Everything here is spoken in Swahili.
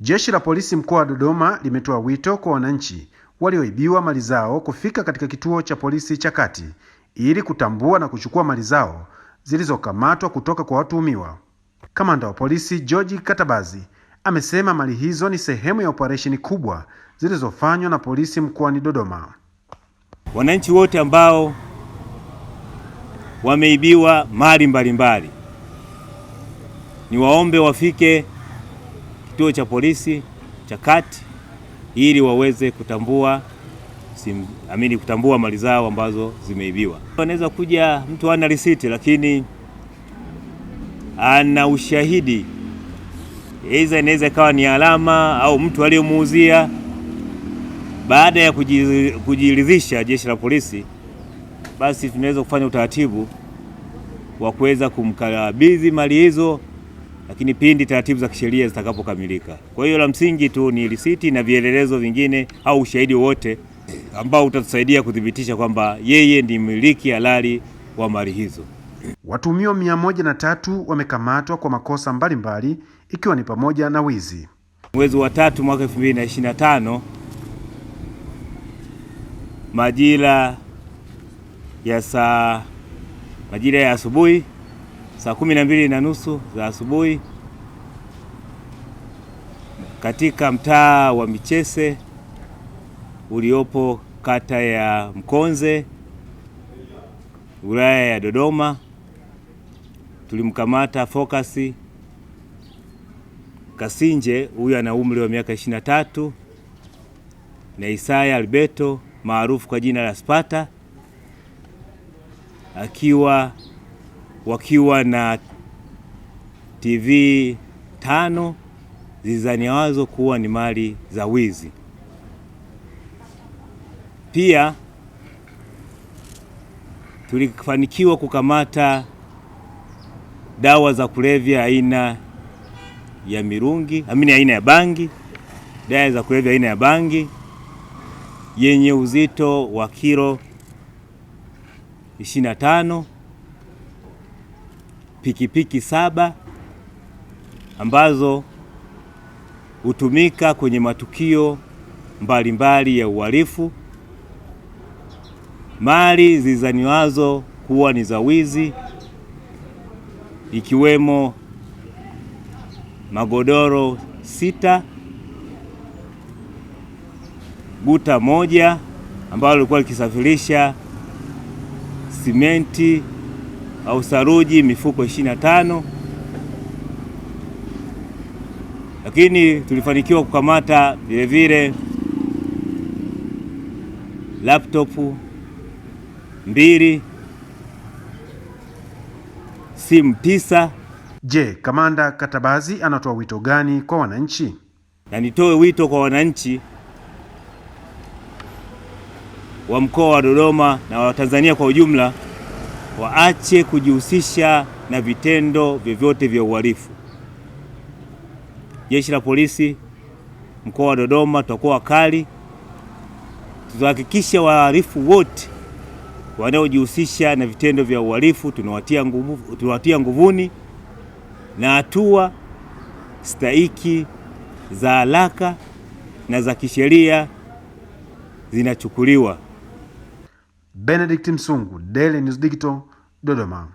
Jeshi la Polisi mkoa wa Dodoma limetoa wito kwa wananchi walioibiwa mali zao kufika katika kituo cha polisi cha Kati ili kutambua na kuchukua mali zao zilizokamatwa kutoka kwa watuhumiwa. Kamanda wa polisi George Katabazi amesema mali hizo ni sehemu ya operesheni kubwa zilizofanywa na polisi mkoani Dodoma. Wananchi wote ambao wameibiwa mali mbalimbali, niwaombe wafike kituo cha polisi cha kati ili waweze kutambua sim, amini kutambua mali zao ambazo zimeibiwa. Anaweza kuja mtu ana risiti lakini ana ushahidi, iza inaweza ikawa ni alama au mtu aliyemuuzia. Baada ya kujiridhisha jeshi la polisi, basi tunaweza kufanya utaratibu wa kuweza kumkabidhi mali hizo lakini pindi taratibu za kisheria zitakapokamilika. Kwa hiyo la msingi tu ni risiti na vielelezo vingine au ushahidi wote ambao utatusaidia kuthibitisha kwamba yeye ni mmiliki halali wa mali hizo. Watumio mia moja na tatu wamekamatwa kwa makosa mbalimbali mbali, ikiwa ni pamoja na wizi. Mwezi wa tatu mwaka 2025 majira ya saa majira ya asubuhi saa kumi na mbili na nusu za asubuhi katika mtaa wa Michese uliopo kata ya Mkonze wilaya ya Dodoma. Tulimkamata Focus Kasinje, huyu ana umri wa miaka 23, na Isaya Alberto maarufu kwa jina la Spata, akiwa wakiwa na TV tano zizaniwazo kuwa ni mali za wizi. Pia tulifanikiwa kukamata dawa za kulevya aina ya mirungi, amini, aina ya bangi, dawa za kulevya aina ya bangi yenye uzito wa kilo 25, pikipiki saba ambazo hutumika kwenye matukio mbalimbali mbali ya uhalifu. Mali zilizaniwazo kuwa ni za wizi ikiwemo magodoro sita, guta moja ambalo lilikuwa likisafirisha simenti au saruji mifuko 25 lakini tulifanikiwa kukamata vilevile laptop mbili, simu tisa. Je, Kamanda Katabazi anatoa wito gani kwa wananchi? Na nitoe wito kwa wananchi wa mkoa wa Dodoma na Watanzania kwa ujumla waache kujihusisha na vitendo vyovyote vya uhalifu jeshi la polisi mkoa wa Dodoma tutakuwa wakali, tutahakikisha wahalifu wote wanaojihusisha na vitendo vya uhalifu tunawatia nguvu, tunawatia nguvuni na hatua stahiki za haraka na za kisheria zinachukuliwa. Benedict Msungu, Daily News Digital, Dodoma.